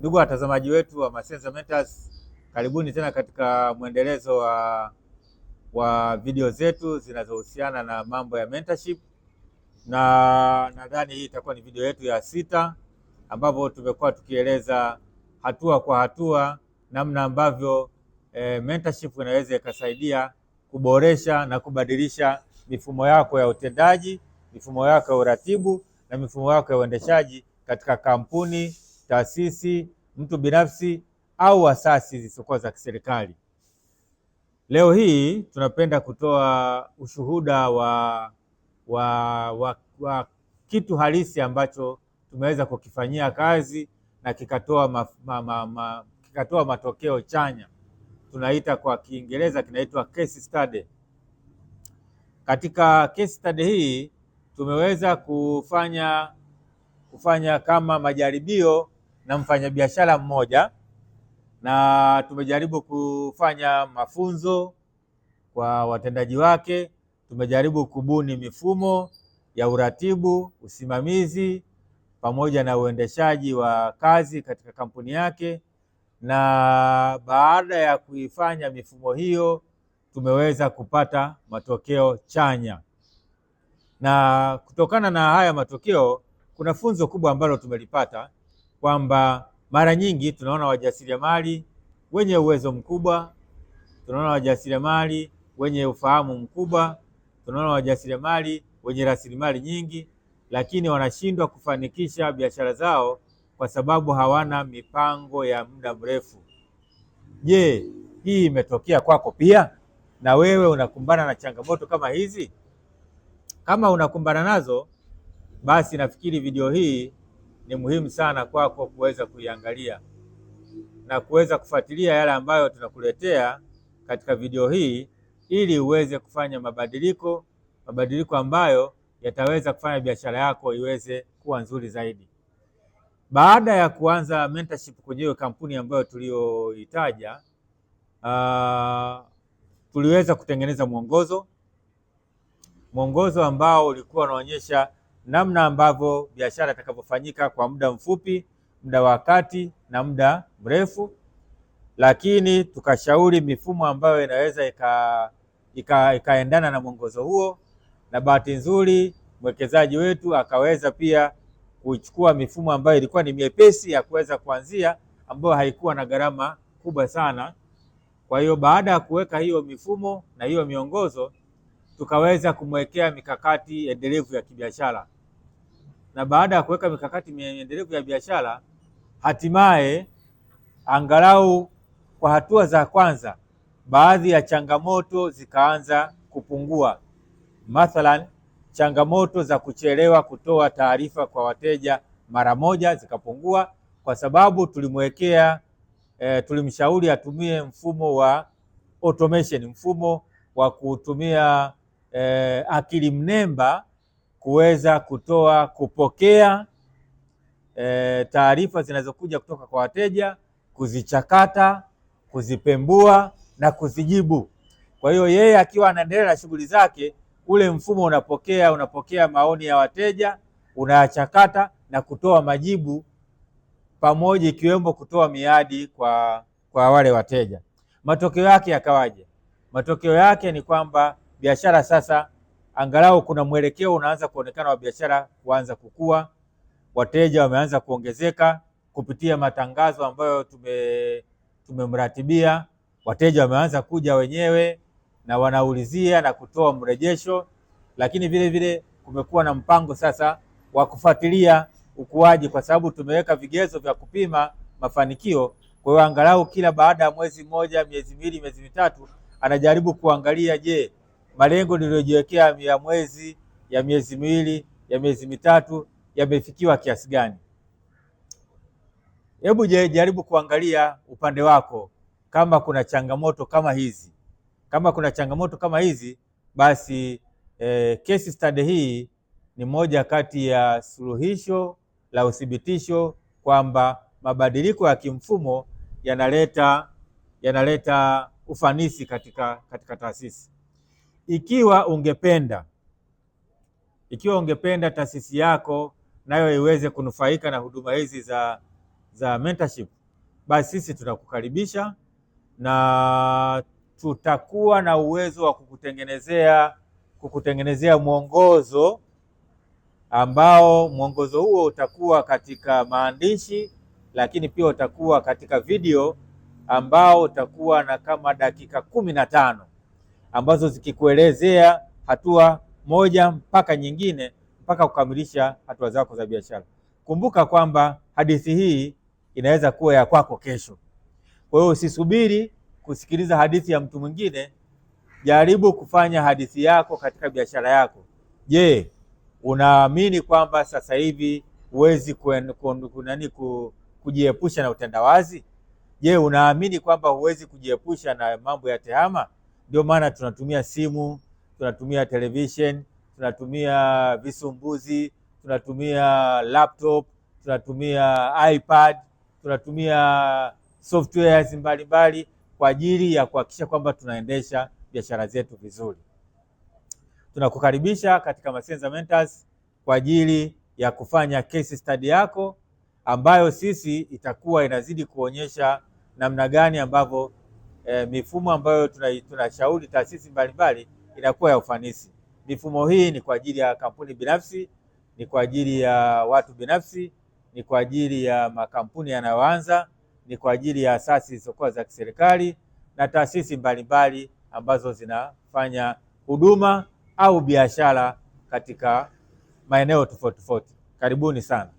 Ndugu watazamaji wetu wa Masenza Mentors, karibuni tena katika mwendelezo wa, wa video zetu zinazohusiana na mambo ya mentorship, na nadhani hii itakuwa ni video yetu ya sita, ambapo tumekuwa tukieleza hatua kwa hatua namna ambavyo e, mentorship inaweza ikasaidia kuboresha na kubadilisha mifumo yako ya utendaji, mifumo yako ya uratibu na mifumo yako ya uendeshaji katika kampuni taasisi, mtu binafsi au asasi zisizokuwa za kiserikali. Leo hii tunapenda kutoa ushuhuda wa, wa, wa, wa kitu halisi ambacho tumeweza kukifanyia kazi na kikatoa, ma, ma, ma, ma, kikatoa matokeo chanya. Tunaita kwa Kiingereza kinaitwa case study. Katika case study hii tumeweza kufanya kufanya kama majaribio na mfanyabiashara mmoja, na tumejaribu kufanya mafunzo kwa watendaji wake. Tumejaribu kubuni mifumo ya uratibu, usimamizi pamoja na uendeshaji wa kazi katika kampuni yake, na baada ya kuifanya mifumo hiyo tumeweza kupata matokeo chanya, na kutokana na haya matokeo kuna funzo kubwa ambalo tumelipata kwamba mara nyingi tunaona wajasiriamali wenye uwezo mkubwa, tunaona wajasiriamali wenye ufahamu mkubwa, tunaona wajasiriamali wenye rasilimali nyingi, lakini wanashindwa kufanikisha biashara zao kwa sababu hawana mipango ya muda mrefu. Je, hii imetokea kwako pia? Na wewe unakumbana na changamoto kama hizi? Kama unakumbana nazo, basi nafikiri video hii ni muhimu sana kwako kuweza kuiangalia na kuweza kufuatilia yale ambayo tunakuletea katika video hii ili uweze kufanya mabadiliko, mabadiliko ambayo yataweza kufanya biashara yako iweze kuwa nzuri zaidi. Baada ya kuanza mentorship kwenye hiyo kampuni ambayo tuliyoitaja, uh, tuliweza kutengeneza mwongozo, mwongozo ambao ulikuwa unaonyesha namna ambavyo biashara itakavyofanyika kwa muda mfupi, muda wa kati na muda mrefu, lakini tukashauri mifumo ambayo inaweza ika, ika, ikaendana na mwongozo huo, na bahati nzuri mwekezaji wetu akaweza pia kuchukua mifumo ambayo ilikuwa ni miepesi ya kuweza kuanzia ambayo haikuwa na gharama kubwa sana. Kwa hiyo baada ya kuweka hiyo mifumo na hiyo miongozo, tukaweza kumwekea mikakati endelevu ya kibiashara na baada ya kuweka mikakati miendelevu ya biashara, hatimaye angalau kwa hatua za kwanza baadhi ya changamoto zikaanza kupungua, mathalan changamoto za kuchelewa kutoa taarifa kwa wateja mara moja zikapungua, kwa sababu tulimwekea e, tulimshauri atumie mfumo wa automation, mfumo wa kutumia e, akili mnemba kuweza kutoa kupokea e, taarifa zinazokuja kutoka kwa wateja, kuzichakata, kuzipembua na kuzijibu. Kwa hiyo yeye akiwa anaendelea na shughuli zake, ule mfumo unapokea unapokea maoni ya wateja, unayachakata na kutoa majibu pamoja, ikiwemo kutoa miadi kwa, kwa wale wateja. Matokeo yake yakawaje? Matokeo yake ni kwamba biashara sasa angalau kuna mwelekeo unaanza kuonekana wa biashara kuanza kukua, wateja wameanza kuongezeka kupitia matangazo ambayo tume tumemratibia, wateja wameanza kuja wenyewe na wanaulizia na kutoa mrejesho, lakini vile vile kumekuwa na mpango sasa wa kufuatilia ukuaji, kwa sababu tumeweka vigezo vya kupima mafanikio. Kwa hiyo angalau kila baada ya mwezi mmoja, miezi miwili, miezi mitatu anajaribu kuangalia, je, malengo niliyojiwekea ya mwezi, ya miezi miwili, ya miezi mitatu yamefikiwa kiasi gani? Hebu jaribu kuangalia upande wako, kama kuna changamoto kama hizi, kama kuna changamoto kama hizi basi eh, case study hii ni moja kati ya suluhisho la uthibitisho kwamba mabadiliko ya kimfumo yanaleta yanaleta ufanisi katika, katika taasisi. Ikiwa ungependa ikiwa ungependa taasisi yako nayo iweze kunufaika na huduma hizi za, za mentorship, basi sisi tunakukaribisha na tutakuwa na uwezo wa kukutengenezea kukutengenezea mwongozo ambao mwongozo huo utakuwa katika maandishi, lakini pia utakuwa katika video ambao utakuwa na kama dakika kumi na tano ambazo zikikuelezea hatua moja mpaka nyingine mpaka kukamilisha hatua zako za biashara. Kumbuka kwamba hadithi hii inaweza kuwa ya kwako kesho. Kwa hiyo usisubiri kusikiliza hadithi ya mtu mwingine, jaribu kufanya hadithi yako katika biashara yako. Je, unaamini kwamba sasa hivi huwezi nani kujiepusha na utandawazi? Je, unaamini kwamba huwezi kujiepusha na mambo ya tehama? Ndio maana tunatumia simu, tunatumia television, tunatumia visumbuzi, tunatumia laptop, tunatumia iPad, tunatumia softwares mbalimbali kwa ajili ya kuhakikisha kwamba tunaendesha biashara zetu vizuri. Tunakukaribisha katika Masenza Mentors kwa ajili ya kufanya case study yako ambayo sisi itakuwa inazidi kuonyesha namna gani ambavyo e, mifumo ambayo tunashauri tuna taasisi mbalimbali inakuwa ya ufanisi. Mifumo hii ni kwa ajili ya kampuni binafsi, ni kwa ajili ya watu binafsi, ni kwa ajili ya makampuni yanayoanza, ni kwa ajili ya asasi zisizokuwa za kiserikali na taasisi mbalimbali ambazo zinafanya huduma au biashara katika maeneo tofauti tofauti. Karibuni sana.